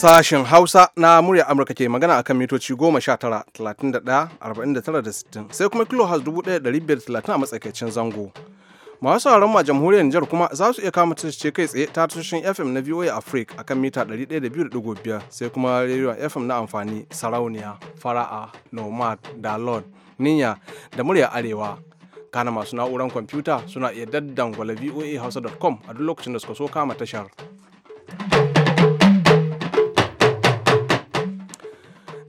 Sashen Hausa na murya Amurka ke magana akan mitoci 19, 31, 49 sai kuma kilohaz 1530 a matsakaicin zango. Masu sauraron ma jamhuriyar Nijar kuma za su iya kama ce kai tsaye ta tushen FM na VOA Africa akan mita 102.5 sai kuma rediyon FM na amfani sarauniya, fara'a, nomad, dalon, ninya da murya arewa. Kana masu na'uran kwamfuta suna iya daddan daddangwala voahausa.com a duk lokacin da suka so kama tashar.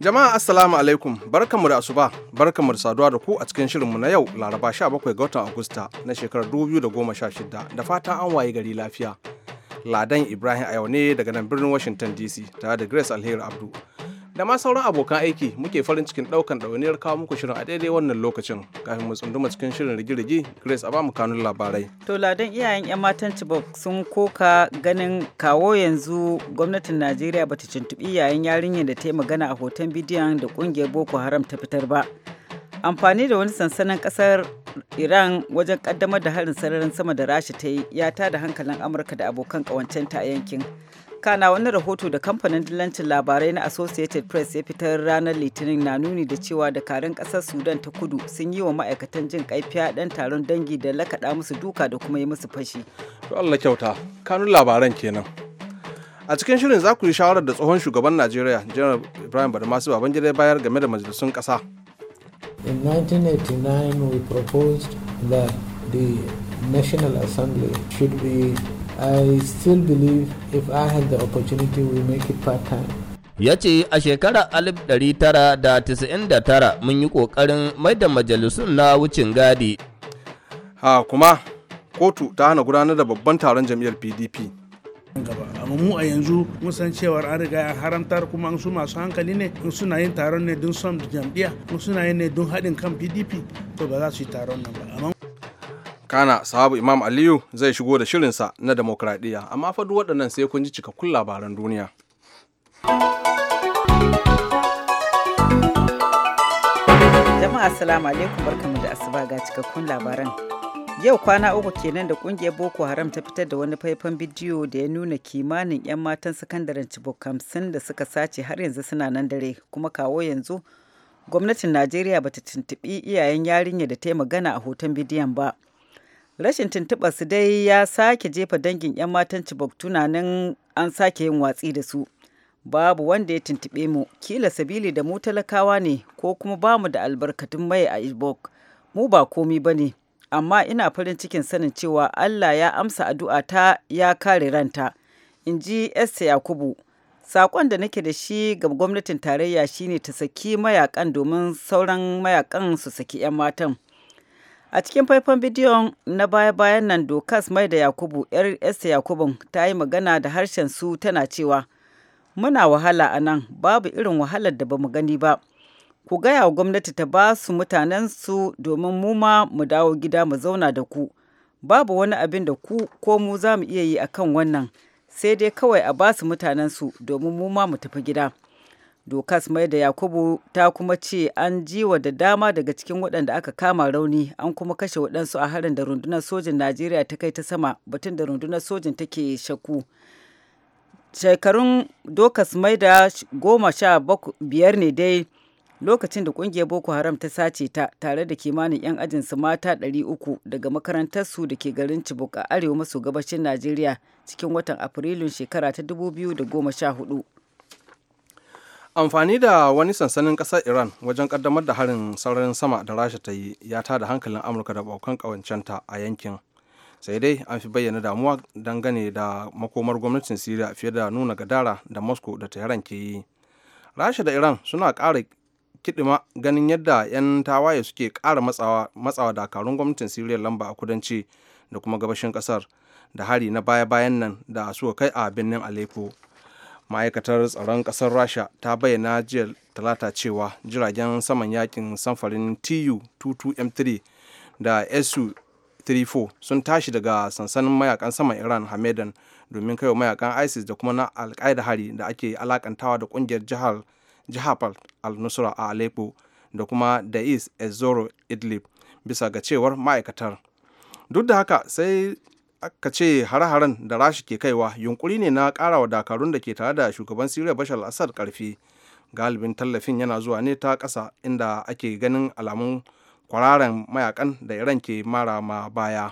Jama'a Assalamu alaikum barkanmu da asuba barkanmu da saduwa da ku a cikin shirinmu na yau Laraba 17 ga watan Agusta na shekarar 2016 da fatan an waye gari lafiya. Ladan Ibrahim a ne daga nan birnin Washington DC tare da Grace Alheri Abdu da ma sauran abokan aiki muke farin cikin daukan ɗawainiyar kawo muku shirin a daidai wannan lokacin kafin mu tsunduma cikin shirin rigirigi grace a ba mu kanun labarai to ladan iyayen yan matan chibok sun koka ganin kawo yanzu gwamnatin najeriya bata tuntuɓi yayin yarinyar da ta yi magana a hoton bidiyon da kungiyar boko haram ta fitar ba amfani da wani sansanin kasar iran wajen kaddamar da harin sararin sama da rasha ta yi ya tada hankalin amurka da abokan kawancenta a yankin kana wani rahoto da kamfanin dillancin labarai na associated press ya fitar ranar litinin na nuni da cewa dakarun kasar sudan ta kudu sun yi wa ma'aikatan jin kaifiya dan taron dangi da lakaɗa musu duka da kuma yi musu fashi to allah kyauta kanun labaran kenan a cikin shirin za ku yi shawarar da tsohon shugaban najeriya general ibrahim masu babangida ya bayar game da majalisun kasa in 1989 we proposed that the national assembly should be I still believe if I had the opportunity, we make it part-time. ya ce a shekarar 1999 mun yi ƙoƙarin maida majalisun na wucin gadi. Ha kuma kotu ta hana gudanar da babban taron jam'iyyar PDP. amma mu a yanzu mun san cewar an riga an haramtar kuma an su masu hankali ne in suna yin taron ne don son jam'iyya in suna yin ne don haɗin kan pdp to ba za su yi taron nan ba kana sahabu imam aliyu zai shigo da shirinsa na demokradiyya amma fa duk waɗannan sai kun ji cikakkun labaran duniya jama'a assalamu alaikum barkamu da asuba ga cikakkun labaran yau kwana uku kenan da kungiyar boko haram ta fitar da wani faifan bidiyo da ya nuna kimanin 'yan matan sakandaren cibok hamsin da suka sace har yanzu suna nan dare kuma kawo yanzu gwamnatin najeriya bata tuntuɓi iyayen yarinya da ta yi magana a hoton bidiyon ba rashin tuntuɓar su dai ya sake jefa dangin 'yan matan cibok tunanin an sake yin watsi da su. Babu wanda ya tuntuɓe mu, kila sabili da mu talakawa ne ko kuma ba mu da albarkatun mai a ibok Mu ba komi ba ne, amma ina farin cikin sanin cewa Allah ya amsa addu'a ta ya kare ranta. In ji Esther Yakubu, Saƙon da nake da shi ga gwamnatin tarayya shine ta saki mayakan domin sauran mayakan su saki 'yan matan. A cikin faifan bidiyon na baya-bayan nan Dokas Mai da Yakubu, 'yar Esther Yakubu ta yi magana da harshen su tana cewa, Muna wahala a nan, babu irin wahalar da bamu gani ba. Ku gaya wa gwamnati ta ba su mutanen su domin mu ma mu dawo gida mu zauna da ku. Babu wani abin da ku ko mu za mu iya yi a kan wannan, sai dai kawai a ba su mutanen su domin mu ma mu tafi gida. dokas mai da yakubu ta kuma ce an jiwa da dama daga cikin waɗanda aka kama rauni an kuma kashe waɗansu a harin da rundunar sojin najeriya ta kai ta sama batun da rundunar sojin take shaku shekarun dokas mai da goma sha biyar ne dai lokacin da kungiyar boko haram ta sace ta tare da kimanin 'yan ajinsu mata 300 daga makarantarsu da ke garin chibok a arewa maso gabashin najeriya cikin watan afrilun shekara ta 2014 amfani da wani sansanin kasar iran wajen kaddamar da harin sararin sama da rasha ta yi ya ta da hankalin amurka da baukan kawancenta a yankin sai dai an fi bayyana damuwa dangane da makomar gwamnatin syria fiye da nuna gadara da moscow da tehran ke yi rasha da iran suna ƙara kidima ganin yadda 'yan tawaye suke ƙara matsawa dakarun gwamnatin syria lamba a kudanci da kuma gabashin kasar da hari na baya-bayan nan da suka kai a birnin aleppo ma'aikatar tsaron kasar rasha ta bayyana jiya talata cewa jiragen saman yakin samfarin tu-22m3 da su-34 sun tashi daga sansanin mayakan saman iran hamedan domin kaiwa mayakan isis da kuma na alkaida hari da ake alakantawa da kungiyar jihar jihar al-nusra a aleppo da kuma da'is ezoro idlib bisa ga cewar ma'aikatar duk da haka sai aka ce hare-haren da rashi ke kaiwa yunkuri ne na kara wa dakarun da ke tare da shugaban siriya bashar al-assad karfi galibin tallafin yana zuwa ne ta kasa inda ake ganin alamun kwararan mayakan da iran ke mara ma baya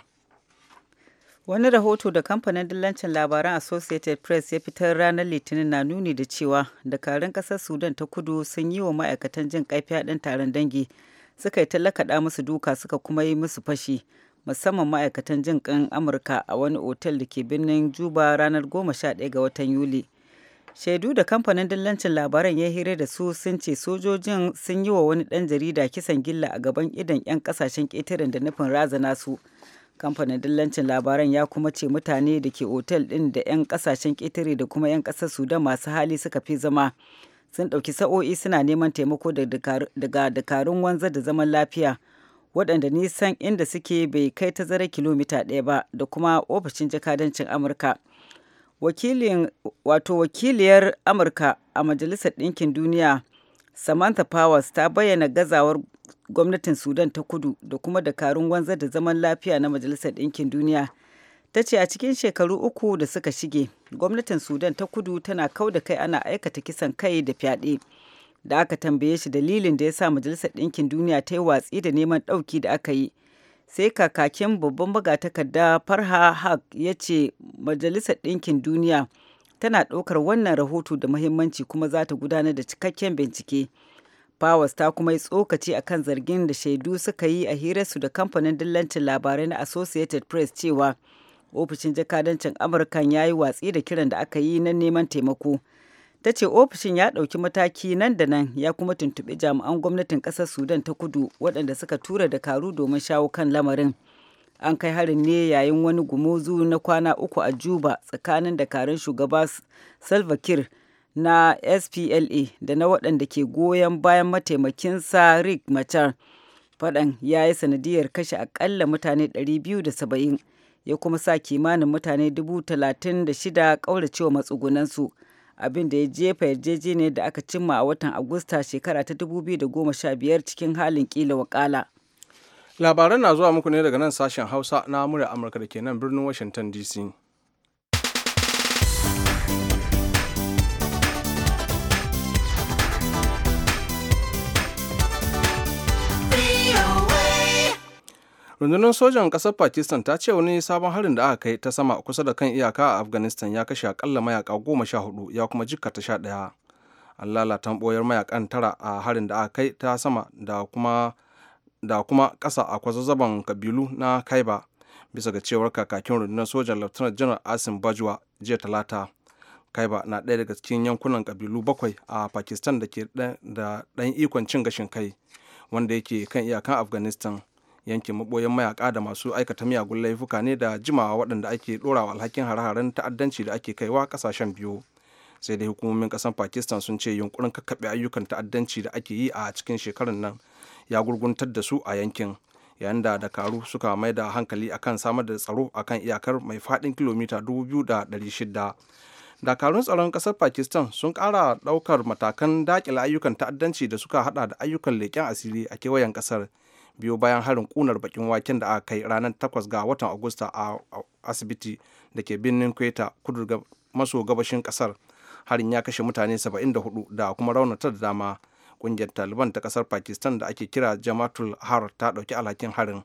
wani rahoto da kamfanin dillancin labaran associated press ya fitar ranar litinin na nuni da cewa dakarun ƙasar sudan ta kudu sun yi wa ma'aikatan jin ƙaifi haɗin taron dangi suka yi talakaɗa musu duka suka kuma yi musu fashi musamman ma'aikatan jin kan amurka a wani otel da ke birnin juba ranar 11 ga watan yuli shaidu da kamfanin dillancin labaran ya hira da su sun ce sojojin sun yi wa wani ɗan jarida kisan gilla a gaban idan 'yan kasashen ƙetaren da nufin razana su kamfanin dillancin labaran ya kuma ce mutane da ke otel ɗin da 'yan kasashen ƙetare da kuma 'yan ƙasar sudan masu hali suka fi zama sun ɗauki sa'o'i suna neman taimako daga dakarun wanzar da zaman lafiya waɗanda nisan inda suke bai kai tazara kilomita ɗaya ba da kuma ofishin jakadancin amurka wato wakiliyar amurka a majalisar ɗinkin duniya samantha powers ta bayyana gazawar gwamnatin sudan ta kudu da kuma dakarun wanzar da zaman lafiya na majalisar ɗinkin duniya ta ce a cikin shekaru uku da suka shige gwamnatin sudan ta kudu tana kau kai ana aikata kisan kai da fyaɗe. da aka tambaye shi dalilin da ya sa majalisar ɗinkin duniya ta yi watsi da neman ɗauki da aka yi sai kakakin babban magatakarda farha haq ya ce majalisar ɗinkin duniya tana ɗaukar wannan rahoto da muhimmanci kuma za ta gudanar da cikakken bincike powers ta kuma yi tsokaci a kan zargin da shaidu suka yi a hirarsu da kamfanin dillancin labarai na associated press cewa ofishin jakadancin amurkan ya yi watsi da kiran da aka yi na neman taimako ta ce ofishin ya ɗauki mataki nan da nan ya kuma tuntuɓi jami'an gwamnatin ƙasar sudan ta kudu waɗanda suka tura dakaru domin shawo kan lamarin an kai harin ne yayin wani gumuzu na kwana uku a juba tsakanin dakarun shugaba salva na spla da na waɗanda ke goyon bayan mataimakinsa rick machar faɗan ya yi sanadiyar kashe akalla mutane 270 ya kuma sa kimanin mutane 36,000 ƙauracewa matsugunansu. su. abin da ya jefa yarjejeniyar da aka cimma a watan agusta shekara ta 2015 cikin halin kila wakala labaran na zuwa muku ne daga nan sashen hausa na murya amurka da ke nan birnin washington dc rundunar sojan kasar pakistan ta ce wani sabon harin da aka kai ta sama kusa da kan iyaka a afghanistan ya kashe akalla mayaka goma sha hudu ya kuma jikka ta sha ɗaya an lalata boyar mayakan tara a harin da aka kai ta sama da kuma kasa kuma ƙasa a kwazazzaban kabilu na kaiba bisa ga cewar kakakin rundunar sojan lieutenant general asim bajwa jiya talata kaiba na ɗaya daga cikin yankunan kabilu bakwai a pakistan da ke da ɗan ikon cin gashin kai wanda yake kan iyakan afghanistan yankin maboyan mayaka da masu aikata miyagun laifuka ne da jimawa waɗanda ake ɗorawa alhakin hare-haren ta'addanci da ake kaiwa ƙasashen biyu sai dai hukumomin ƙasar pakistan sun ce yunkurin kakkaɓe ayyukan ta'addanci da ake yi a cikin shekarun nan ya gurguntar da su a yankin yayin da dakaru suka mai da hankali akan samar da tsaro akan iyakar mai faɗin kilomita dubu biyu da ɗari 2,600 dakarun tsaron ƙasar pakistan sun ƙara ɗaukar matakan daƙila ayyukan ta'addanci da suka haɗa da ayyukan leƙen asiri a kewayen ƙasar biyu bayan harin kunar bakin waken da aka kai ranar 8 ga watan agusta a asibiti da ke birnin kweta kudu maso gabashin kasar harin ya kashe mutane 74 da kuma raunata da dama kungiyar taliban ta kasar pakistan da ake kira jamatul har ta dauki alhakin harin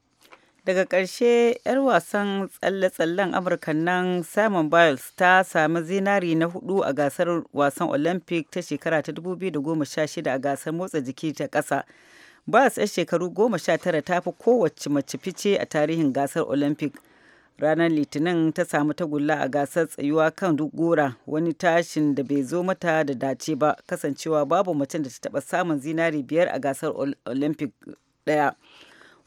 daga karshe 'yar wasan tsalle-tsallen amurka nan simon biles ta sami zinari na hudu a gasar wasan olympic ta shekara ta 2016 a gasar motsa jiki ta kasa. Bas 'yar shekaru goma sha tara ta fi kowace mace fice a tarihin gasar Olympic. Ranar Litinin ta samu tagulla a gasar tsayuwa kan gora wani tashin da bai zo mata da dace ba kasancewa babu macen da ta taba samun zinari biyar a gasar Olympic daya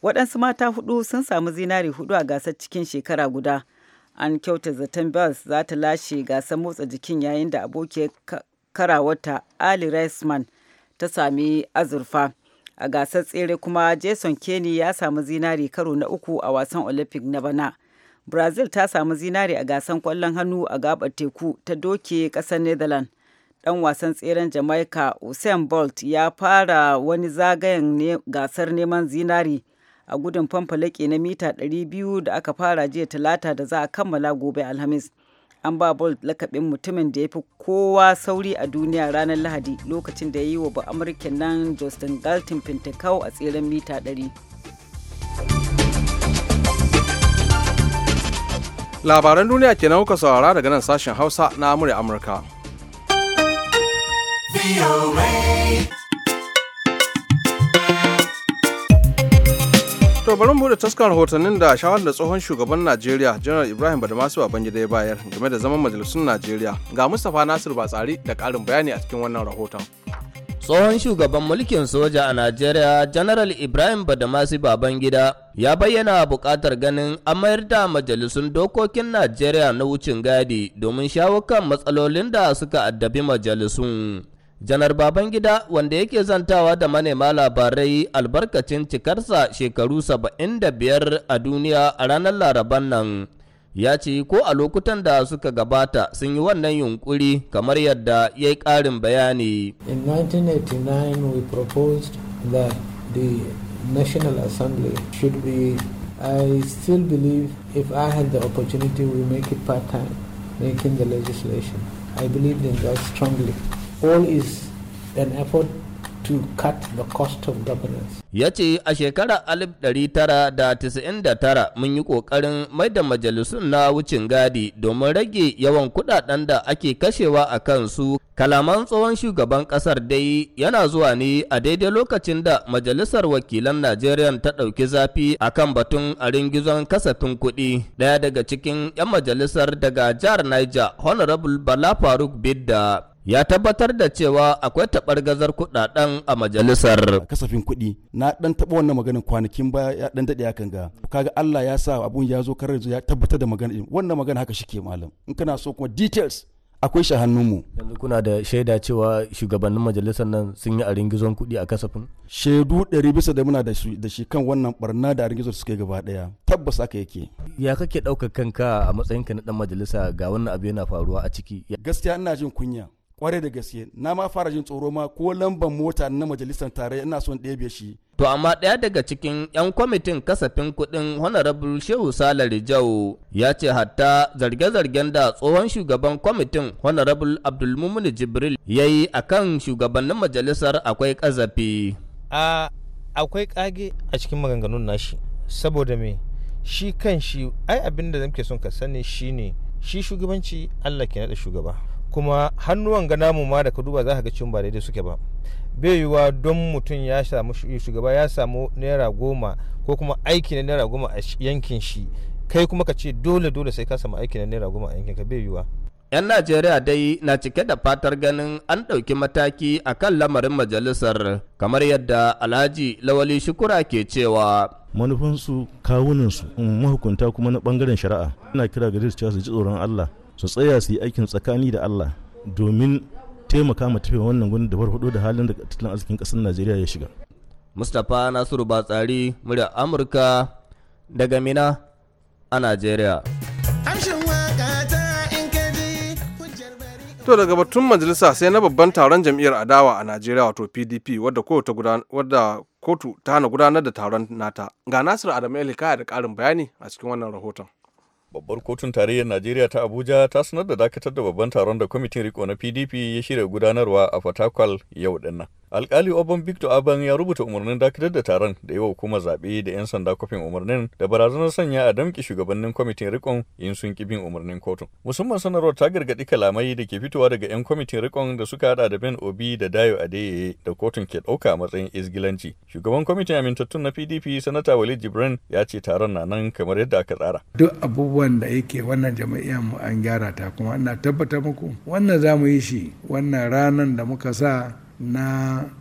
Waɗansu mata hudu sun samu zinari hudu a gasar cikin shekara guda. An kyauta zaton Bas za ta lashe gasar motsa jikin yayin da abokiyar karawarta Ali Reisman ta sami azurfa. a gasar tsere kuma jason kenny ya samu zinari karo na uku a wasan olympic na bana brazil ta samu zinari a gasan kwallon hannu a gabar teku ta doke kasar netherlands dan wasan tseren jamaica usain bolt ya fara wani zagayen ne gasar neman zinari a gudun famfalake na mita 200 da aka fara jiya talata da za a kammala gobe alhamis an ba bolt lakabin mutumin da ya fi kowa sauri a duniya ranar lahadi lokacin da ya yi wa ba amurken nan justin galtin fintakau a tseren mita 100 labaran duniya ke nan kuka saurara daga nan sashen hausa na amurya amurka To bari mu da taskar rahotannin da shawarar da tsohon shugaban Najeriya Janar Ibrahim Badamasu Babangida ya bayar game da zaman majalisun Najeriya. Ga Mustapha Nasir Batsari da karin bayani a cikin wannan rahoton. Tsohon shugaban mulkin soja a Najeriya, General Ibrahim Badamasi Babangida, ya bayyana buƙatar ganin an mayar da majalisun dokokin Najeriya na wucin gadi domin shawo kan matsalolin da suka addabi majalisun. Janar gida wanda yake zantawa da manema labarai albarkacin cikarsa shekaru 75 a duniya a ranar laraban nan ya ce ko a lokutan da suka gabata sun yi wannan yunkuri kamar yadda ya yi ƙarin bayani. In 1989 we proposed that the National Assembly should be I still believe if I had the opportunity we make it part-time making the legislation. I believed in that strongly. all is an effort to cut the cost of governance. Ya ce a shekarar 1999 mun yi ƙoƙarin da majalisun na wucin gadi domin rage yawan kudaden da ake kashewa a kansu. Kalaman tsohon shugaban ƙasar dai yana zuwa ne a daidai lokacin da majalisar wakilan Najeriya ta ɗauki zafi a kan batun a ringizon kasafin kuɗi. Ɗaya daga cikin 'yan majalisar daga jihar Niger, Honorable Bala Faruk Bidda ya tabbatar da cewa akwai tabar gazar kudaden a majalisar. Kasafin kuɗi na ɗan taɓa wannan maganin kwanakin ba ya ɗan daɗe hakan ga. Kaga Allah ya sa abun ya zo karar ya tabbatar da magana wannan magana haka shike malam. In kana so kuma details akwai shi mu. Yanzu kuna da shaida cewa shugabannin majalisar nan sun yi a ringizon kuɗi a kasafin? Shaidu ɗari bisa da muna da shi kan wannan barna da a ringizon suke gaba ɗaya. Tabbas haka yake. Ya kake ɗaukar kanka a matsayinka na ɗan majalisa ga wannan abu yana faruwa a ciki? Gaskiya ina jin kunya. kwarai da gaske na ma fara jin tsoro ma ko lamban mota na majalisar tarayya ina son ɗebe shi to amma ɗaya daga cikin 'yan kwamitin kasafin kuɗin honorable shehu salari jau ya ce hatta zarge-zargen da tsohon shugaban kwamitin honorable abdulmumin jibril ya yi a kan shugabannin majalisar akwai kazafi a akwai kage a cikin maganganun nashi saboda me shi kan shi ai abin da son ka sani shine shi shugabanci allah ke da shugaba kuma hannuwan ga namu ma da ka duba za ka ga cin ba daidai suke ba bai yiwuwa don mutum ya samu shugaba ya samu naira goma ko kuma aiki na naira goma a yankin shi kai kuma ka ce dole dole sai ka samu aiki na naira goma a yankin ka bai yiwuwa 'Yan Najeriya dai na cike da fatar ganin an ɗauki mataki a kan lamarin majalisar kamar yadda Alhaji Lawali Shukura ke cewa. Manufansu kawunansu mm, mahukunta kuma na bangaren shari'a. Ina kira gare su su ji tsoron Allah su tsaya su yi aikin tsakani da Allah domin taimaka ma tafiya wannan gudun da hudu da halin da tattalin arzikin ƙasar Najeriya ya shiga. Mustapha Nasiru Batsari murya Amurka daga Mina a Najeriya. To daga batun majalisa sai na babban taron jam'iyyar adawa a Najeriya wato PDP wadda kotu ta hana gudanar da taron nata. Ga Nasiru Adamu Elika da ƙarin bayani a cikin wannan rahoton. Babbar kotun tarayyar Najeriya ta Abuja ta sanar da dakatar da babban taron da kwamitin riko na PDP ya shirya gudanarwa a Fatakwal yau dinnan. alkali obon victor aban ya rubuta umarnin dakatar da taron da yawa kuma zaɓe da 'yan sanda kwafin umarnin da barazanar sanya a damki shugabannin kwamitin rikon in sun ki bin umarnin kotun musamman sanarwar ta gargaɗi kalamai da ke fitowa daga 'yan kwamitin rikon da suka hada da ben obi da dayo adeyeye da kotun ke ɗauka a matsayin izgilanci shugaban kwamitin amintattun na pdp sanata walid jibrin ya ce taron na nan kamar yadda aka tsara duk abubuwan da yake wannan jama'iyyar mu an gyara ta kuma ina tabbatar muku wannan za mu yi shi wannan ranar da muka sa na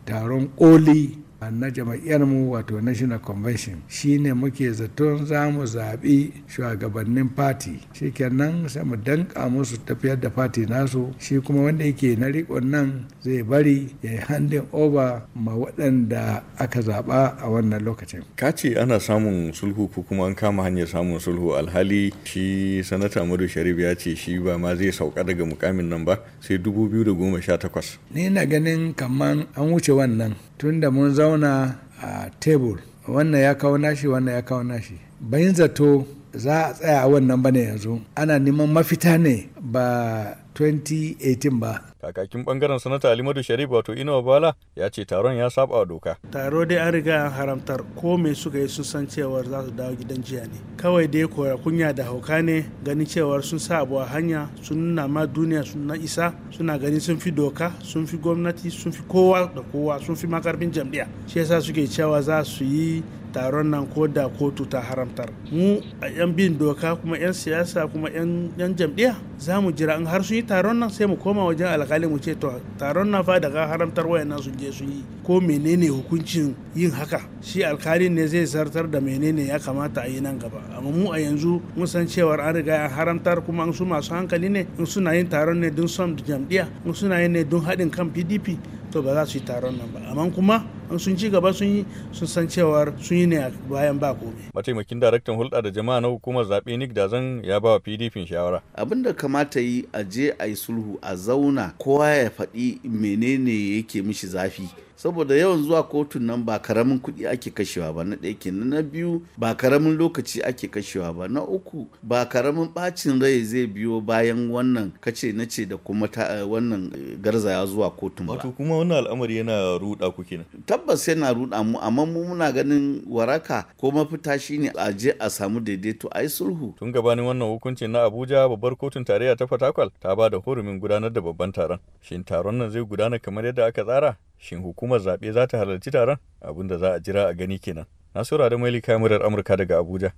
taron koli na mu wato national convention shine muke zaton za mu zaɓi shugabannin fati shikenan sai mu danka musu tafiyar da fati nasu shi kuma wanda yake na rikon nan zai bari ya yi handin over ma waɗanda aka zaɓa a wannan lokacin ka ce ana samun sulhu ko kuma an kama hanyar samun sulhu alhali shi sanata amadu sharif ya ce shi ba ma zai sauka daga mukamin nan ba sai dubu biyu da goma sha takwas. ni na ganin kaman an wuce wannan tunda mun zama zauna a tebur wannan ya kawo nashi wannan ya kawo nashi bayan zato za a tsaya a wannan bane yanzu ana neman mafita ne ba 2018 ba. Kakakin bangaren sanata Alimadu Sharif wato Inuwa Bala ya ce taron ya saba doka. Taro dai an riga an haramtar ko me suka yi sun san cewar za su dawo gidan jiya ne. Kawai dai koya kunya da hauka ne gani cewar sun sa abu a hanya sun nuna ma duniya sun na isa suna gani sun fi doka sun fi gwamnati sun fi kowa da kowa sun fi makarfin jam'iyya. Shi yasa suke cewa za su yi taron nan ko da kotu ta haramtar mu a yan bin doka kuma yan siyasa kuma yan jam'iyya za mu jira in har sun yi taron nan sai mu koma wajen alkali mu ce to taron nan fa daga haramtar nan sun je sun yi ko menene hukuncin yin haka shi alkalin ne zai zartar da menene ya kamata a yi nan gaba amma mu a yanzu mun san cewar an riga an haramtar kuma an su masu hankali ne in suna yin taron ne don son jam'iyya in suna yin ne don haɗin kan pdp to ba za su yi taron nan ba amma kuma an sun ci gaba sun yi sun san cewa sun yi ne bayan ba komai mataimakin daraktan hulɗa da jama'a na hukumar zaɓe Nick Dazan ya ba wa PDP shawara abin da kamata yi a je a yi sulhu a zauna kowa ya faɗi menene yake mishi zafi saboda yawan zuwa kotun nan ba karamin kuɗi ake kashewa ba na ɗaya kenan na biyu ba karamin lokaci ake kashewa ba na uku ba karamin ɓacin rai zai biyo bayan wannan kace na ce da kuma eh, wannan eh, garzaya zuwa kotun ba wato kuma wannan al'amari yana ruɗa ku kenan tabbas yana ruɗa mu amma mu muna ganin waraka ko mafita shine a je a samu daidaito a yi sulhu tun gabanin wannan hukuncin na Abuja babbar kotun tarayya ta Fatakwal ta ba da hurumin gudanar da babban taron shin taron nan zai gudana kamar yadda aka tsara shin hukum. hukumar zaɓe za ta halarci taron abin da za a jira a gani kenan nasura da maili kamarar amurka daga abuja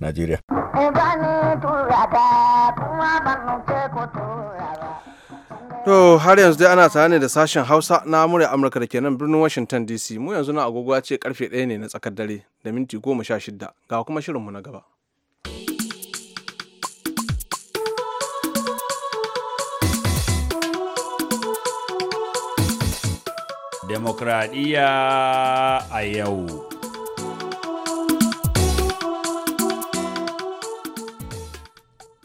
najeriya To har yanzu dai ana tare ne da sashen Hausa na murya Amurka da kenan birnin Washington DC mu yanzu na agogo ce karfe ɗaya ne na tsakar dare da minti goma sha shida ga kuma shirinmu na gaba. demokradiyya a yau.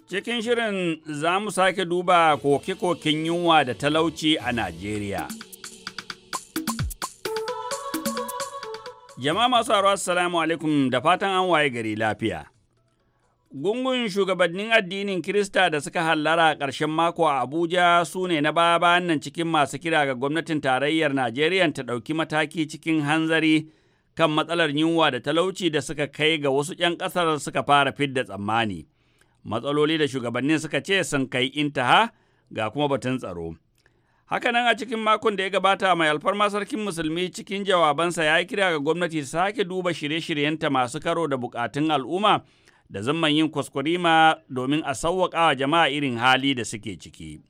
Cikin shirin za mu sake duba koke-koken yunwa da talauci a Najeriya. Jama'a masu arwa, Assalamu alaikum da fatan an waye gari lafiya. Gungun shugabannin addinin Kirista da suka hallara a ƙarshen mako a Abuja su ne na baba nan cikin masu kira ga gwamnatin tarayyar Najeriya ta ɗauki mataki cikin hanzari kan matsalar yunwa da talauci da suka kai ga wasu ‘yan ƙasar suka fara fidda tsammani. Matsaloli da shugabannin suka ce sun kai intaha ga kuma batun tsaro. Hakanan a cikin makon da ya gabata mai alfarma sarkin musulmi cikin jawabansa ya yi kira ga gwamnati sake duba shirye-shiryenta masu karo da bukatun al'umma da zaman yin kwaskwarima domin a sauwaƙa wa jama'a irin hali da suke ciki.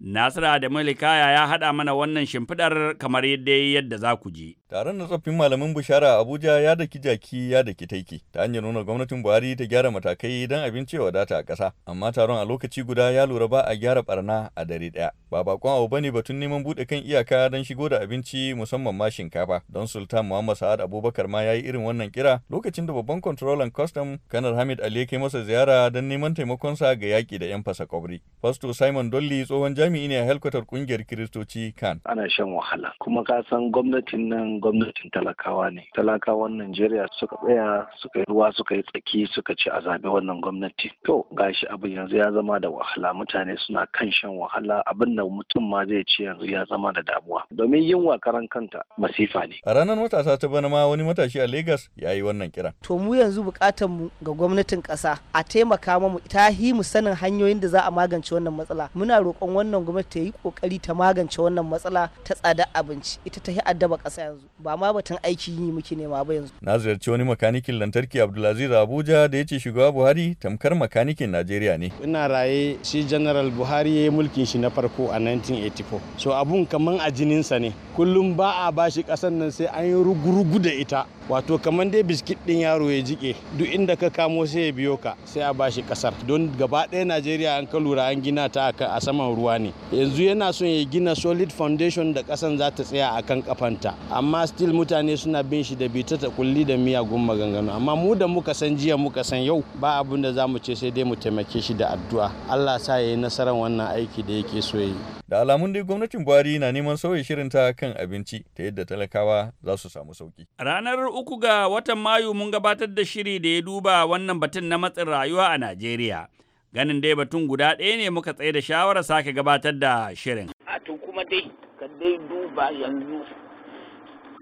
Nasira da Malikaya ya haɗa mana wannan shimfiɗar kamar yadda yadda za ku ji. Taron na tsoffin malamin Bushara a Abuja ya daki jaki ya daki taiki ta hanyar nuna gwamnatin Buhari ta gyara matakai don abinci ya wadata a ƙasa. Amma taron a lokaci guda ya lura ba a gyara barna a dare ɗaya. Ba bakon abu bane batun neman buɗe kan iyaka don shigo da abinci musamman ma shinkafa. Don Sultan Muhammad Sa'ad Abubakar ma ya yi irin wannan kira lokacin da babban kwantarolan custom Kanar Hamid Ali ya kai masa ziyara don neman taimakonsa ga yaƙi da 'yan fasa kwabri. Fasto Simon Dolly tsohon jami'i ne a helkwatar kungiyar Kiristoci kan. Ana shan wahala kuma ka san gwamnatin nan gwamnatin talakawa ne talakawan najeriya suka tsaya suka yi ruwa suka yi tsaki suka ci a zaɓi wannan gwamnati to gashi abin yanzu ya zama da wahala mutane suna kan shan wahala abin da mutum ma zai ci yanzu ya zama da damuwa domin wa karan kanta masifa ne a ranar matasa ta bana ma wani matashi a lagos ya yi wannan kira to mu yanzu bukatar mu ga gwamnatin ƙasa a taimaka mu ta hi mu sanin hanyoyin da za a magance wannan matsala muna roƙon wannan gwamnati ta yi kokari ta magance wannan matsala ta tsada abinci ita ta yi addaba ƙasa yanzu ba ma batun aiki yi muke nema ba yanzu. Na ziyarci wani makanikin lantarki Abdulaziz Abuja da ya ce shugaba Buhari tamkar makanikin Najeriya ne. Ina raye shi General Buhari ya yi mulkin shi na farko a 1984. So abun kaman a jininsa ne. Kullum ba a bashi kasan nan sai an yi rugurugu da ita. Wato kamar dai biskit din yaro ya jike duk inda ka kamo sai ya biyo ka sai a bashi kasar. Don gaba ɗaya Najeriya an ka lura an gina ta a saman ruwa ne. Yanzu yana son ya gina solid foundation da kasan za ta tsaya a kan kafanta. Amma still mutane suna bin shi da bita ta kulli da miyagun maganganu amma mu da muka san jiya muka san yau ba abin da za mu ce sai dai mu taimake shi da addu'a Allah sa ya yi nasarar wannan aiki da yake so yi da alamun dai gwamnatin buhari na neman sauya shirinta kan abinci ta yadda talakawa za su samu sauki ranar uku ga watan mayu mun gabatar da shiri da ya duba wannan batun na matsin rayuwa a najeriya ganin dai batun guda ɗaya ne muka tsaye da shawarar sake gabatar da shirin a to kuma dai ka dai duba yanzu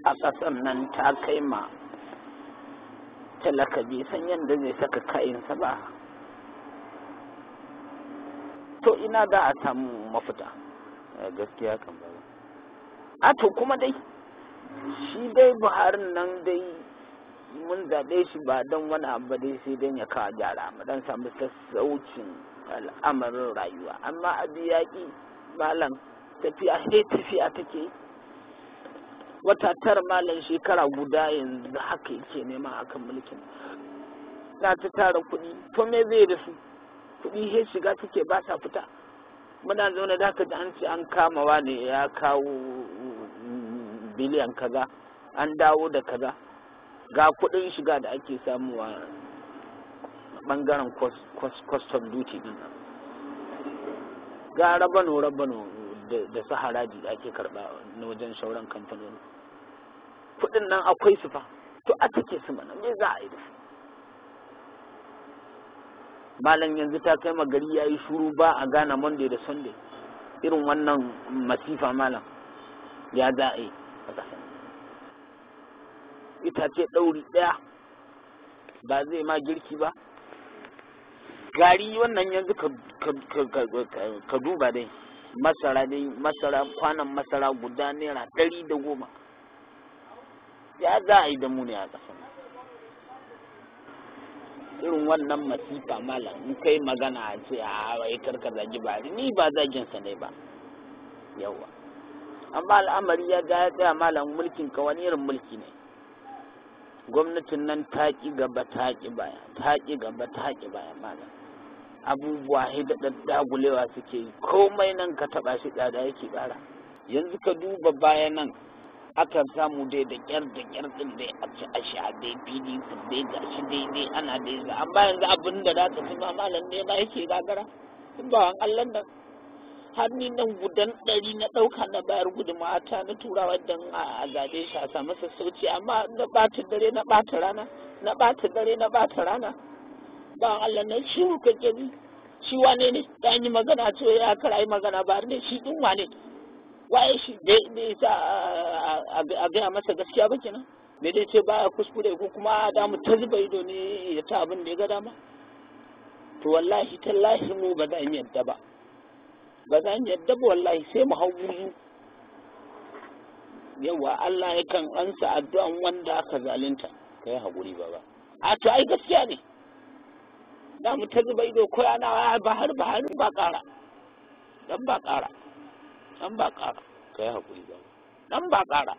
a ƙasar nan ta kai ma talaka bai san yadda zai saka kayansa ba to ina da a samu mafita eh, gaskiya kan ba a to kuma dai shi dai buharin nan dai mun zaɓe shi ba don wani abu dai sai don ya kawo gyara mu don samu sassaucin al'amarin rayuwa amma abu yaƙi malam tafiya sai eh, tafiya take yi wata tara malam shekara guda yanzu haka yake nema akan mulkin na ta tara kuɗi to me zai da su kuɗi he shiga take ba sa fita muna zaune da haka da an ce an kamawa ne ya kawo mm, biliyan kaza an dawo da kaza ga kuɗin shiga da ake samuwa bangaren of duty din ga rabano rabano da su haraji da ake karɓa na wajen shauran kamfanoni kuɗin nan akwai su fa to a take su mana me za a yi da su malam yanzu ta kai magari ya yi shuru ba a gana monday da sunday irin wannan masifa malam ya za a yi a ƙasa itace ɗauri ɗaya ba zai ma girki ba gari wannan yanzu ka duba dai masara dai masara kwanan masara guda naira ɗari da goma ya za a yi da mu ne a ƙasa irin wannan masifa malam in kai magana a ce a wai karka zagi ba ni ba zagin sa ne ba yawa amma al'amari ya ga ya tsaya malam mulkin ka wani irin mulki ne gwamnatin nan ta ki gaba ta ki baya ta ki gaba ta ki baya malam abubuwa hidda dagulewa suke yi komai nan ka taɓa shi tsada yake ƙara yanzu ka duba baya nan akan samu dai da kyar da kyar din dai a ci a sha dai pdp dai ga shi dai dai ana dai za amma yanzu abin da za ka ci ma malam ne ba yake gagara tun ba wan allah nan har ni nan gudan ɗari na ɗauka na bayar gudunmawa ta na turawa don a zaɓe shi a samu sassauci amma na ɓata dare na ɓata rana na ɓata dare na ɓata rana ba Allah nan shi kuka gani shi wane ne da yi magana ce ya kara yi magana ba ne shi ɗin wane waye shi da ya sa a gaya masa gaskiya ba kenan me dai ce baya kuskure ko kuma da mu ta zuba ido ne ya ta abin da ya ga dama to wallahi tallahi mu ba za mu yadda ba ba za mu yadda ba wallahi sai mu hau wuyu yawa Allah ya kan ansa addu'an wanda aka zalunta kai hakuri ba ba a to ai gaskiya ne da mu ta zuba ido ko yana ba har ba har ba ƙara dan ba ƙara dan ba ƙara ka yi haƙuri ba dan ba ƙara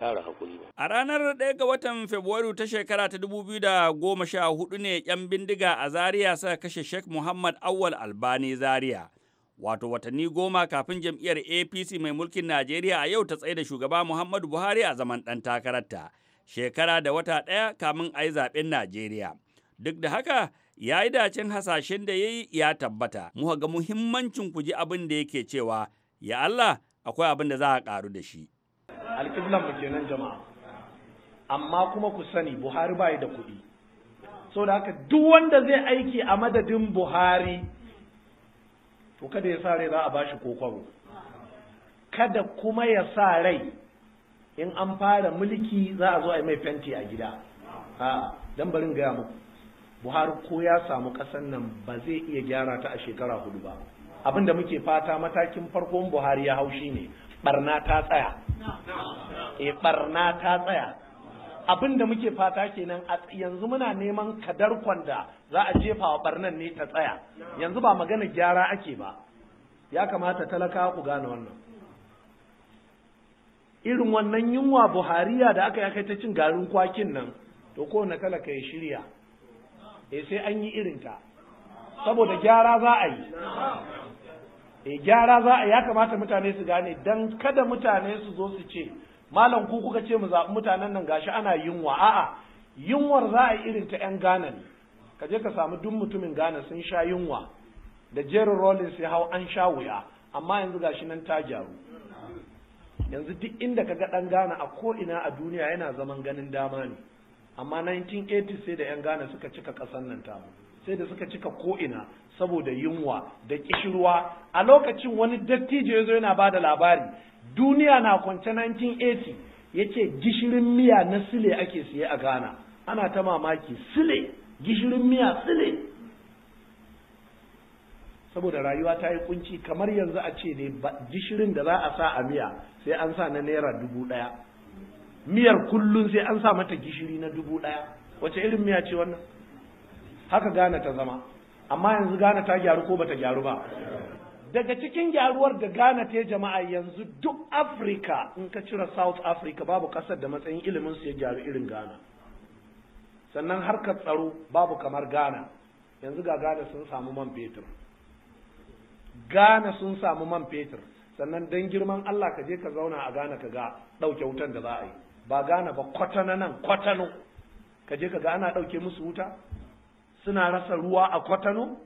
ƙara hakuri ba. A ranar 1 ga watan Fabrairu ta shekara ta 2014 ne 'yan bindiga a Zaria suka kashe Sheikh Muhammad Awal Albani Zaria. Wato watanni goma kafin jam'iyyar APC mai mulkin Najeriya a yau ta tsaye da shugaba Muhammadu Buhari a zaman ɗan takararta. Shekara da wata ɗaya kamin a yi zaɓen Najeriya. Duk da haka, ya yi dacin hasashen da ya yi ya tabbata. Muka ga muhimmancin ku ji abin da yake cewa ya Allah akwai abin da za a ƙaru da shi. Alƙiblan mu kenan jama'a. Amma kuma ku sani Buhari bai da kuɗi. So da haka duk wanda zai aiki a madadin Buhari to kada ya sa rai za a ba shi kokwaro. Kada kuma ya sa rai in an fara mulki za a zo a yi mai fenti a gida. A dan barin gaya muku. Buhari ko ya samu ƙasar nan ba zai iya gyara ta a shekara hudu ba. abinda muke fata matakin farkon buhari ya haushi ne barna ta tsaya e eh, barna ta tsaya abinda muke fata kenan a yanzu muna neman kadar kwanda za a jefa wa barnan ne ta tsaya yanzu ba magana gyara ake ba ya kamata talaka ku gane wannan irin wannan yunwa buhariya da aka kai ta cin garin kwakin nan to kowane talaka ya shirya e sai an yi irinta saboda gyara za a yi eh gyara za a ya kamata mutane su gane dan kada mutane su zo su ce malam ku kuka ce mu zaɓi mutanen nan gashi ana yunwa a'a yunwar za a irin ta yan gana ne ka je ka samu duk mutumin gana sun sha yunwa da Jerry Rollins ya hau an sha wuya amma yanzu gashi nan ta gyaru yanzu duk inda ka ga ɗan Ghana a ko ina a duniya yana zaman ganin dama ne amma 1980 sai da 'yan gana suka cika kasan nan tamu sai da suka cika ko'ina saboda yunwa da kishirwa a lokacin wani dattijo ya zo yana ba da labari duniya na kwance 1980 ya ce gishirin miya na sile ake siye a ghana ana ta mamaki sile gishirin miya sile saboda rayuwa ta yi kunci kamar yanzu a ce ne gishirin da za a sa a miya sai an sa na naira dubu ɗaya miyar kullum sai an sa mata gishiri na dubu ɗaya wace irin miya ce wannan haka gane ta zama amma yanzu gane ta gyaru ko bata gyaru ba daga cikin gyaruwar da gane ta jama'a yanzu duk afirka in ka cire south africa babu kasar da matsayin ilimin su ya gyaru irin gana sannan harkar tsaro babu kamar gana yanzu ga ghana sun samu man fetur ghana sun samu man fetur sannan dan girman allah ka je ka zauna a ghana ka ga ɗauke wutan da za a yi ba ghana ba kwatana nan kwatano ka je ka ga ana ɗauke musu wuta suna rasa ruwa a kwatano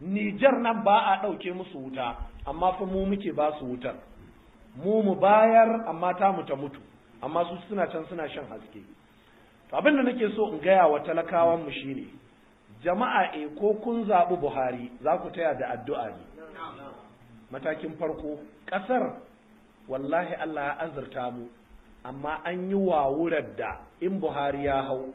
nijar nan ba a ɗauke musu wuta amma fa mu muke ba su wutar mu mu bayar amma ta mu ta mutu amma su suna can suna shan haske to abin da nake so in gaya wa talakawan mu shine jama'a e ko kun zaɓi buhari za ku taya da addu'a ne matakin farko ƙasar wallahi allah ya azurta mu amma an yi wurar da in buhari ya hau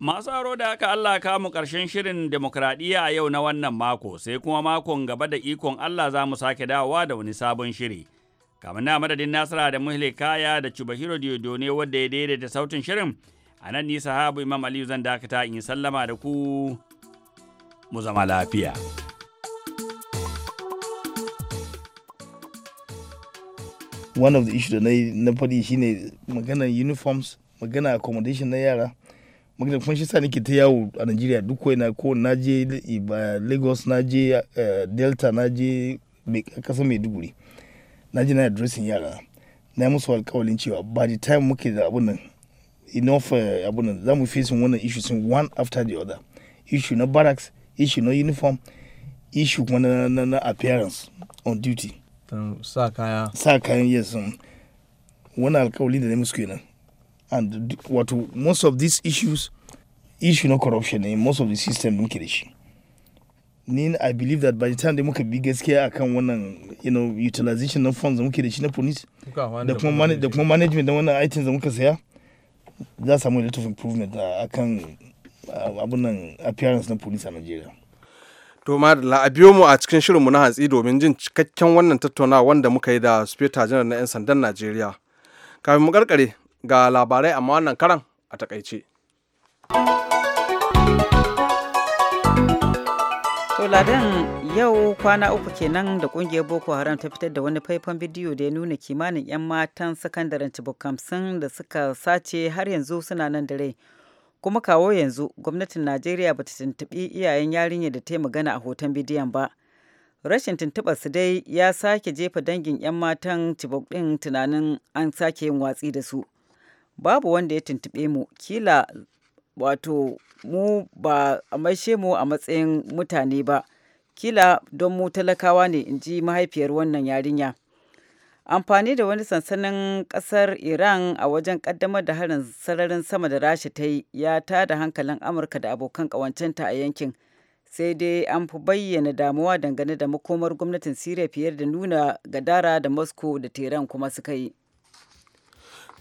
Masu aro da haka Allah kamu ƙarshen shirin demokradiyya a yau na wannan mako, sai kuma makon gaba da ikon Allah za mu sake dawowa da wani sabon shiri. Kamar na madadin Nasara da Muhle Kaya da Chubahiro Diodo ne wadda ya daidaita sautin shirin, a nan ni habu Imam Aliyu zan dakata in sallama da ku mu zama lafiya. One of the issues da na faɗi shine maganar uniforms, maganar accommodation na yara. magana kuma shi sa nake ta yawo a Najeriya duk ko na ko na je Lagos na je eh, Delta na je kasa Maiduguri na je na adresin yara na musu alkawalin cewa by the time muke da abun nan enough eh, abun nan za mu facing wannan issues one after the other issue na barracks issue na uniform issue kuma na, na, appearance on duty sa kaya sa kayan yes um, wani alkawali da na musu kenan and wato most of these issues issue na corruption ne eh, most of the system muke da shi i believe that by the time da muka bi gaskiya akan wannan you know utilization na funds da muke da shi na police da kuma da kuma management da wannan items da muka saya za samu little improvement akan abun nan appearance na police a Nigeria to madalla a biyo mu a cikin shirin mu na hantsi domin jin cikakken wannan tattaunawa wanda muka yi da speta janar na 'yan sandan najeriya kafin mu karkare ga labarai amma wannan karan a takaice. To ladan yau kwana uku kenan da kungiyar Boko Haram ta fitar da wani faifan bidiyo da ya nuna kimanin 'yan matan sakandaren Chibok hamsin da suka sace har yanzu suna nan da rai. Kuma kawo yanzu gwamnatin Najeriya bata tuntuɓi iyayen yarinya da ta yi magana a hoton bidiyon ba. Rashin tuntuɓar su dai ya sake jefa dangin 'yan matan cibok ɗin tunanin an sake yin watsi da su. babu wanda ya tuntuɓe mu kila wato mu ba a maishe mu a matsayin mutane ba kila don mu talakawa ne in ji mahaifiyar wannan yarinya amfani da wani sansanin kasar iran a wajen kaddamar da harin sararin sama da rasha ta yi ya da hankalin amurka da abokan kawancenta a yankin sai dai an fi bayyana damuwa dangane da makomar gwamnatin syria fiye da nuna gadara da moscow da tehran kuma suka yi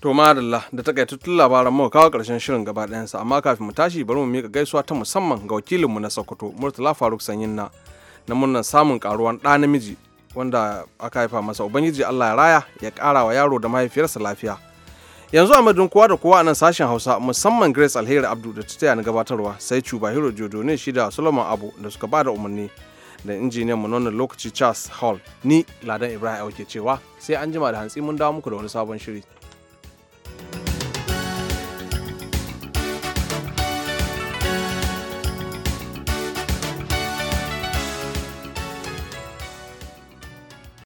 To madalla da takaitattun labaran mu kawo karshen shirin gaba ɗayansa amma kafin mu tashi bari mu mika gaisuwa ta musamman ga wakilinmu na Sokoto Murtala Faruk Sanyinna na murnan samun karuwan ɗa namiji wanda aka haifa masa Ubangiji Allah ya raya ya ƙara wa yaro da mahaifiyarsa lafiya. Yanzu a madun kowa da kowa a nan sashen Hausa musamman Grace Alheri Abdu da ta taya ni gabatarwa sai Hero Jodo ne shi da Solomon Abu da suka bada umarni da injiniyan mu wannan lokaci Charles Hall ni Ladan Ibrahim Auke cewa sai an jima da hantsi mun dawo muku da wani sabon shiri. Thank you.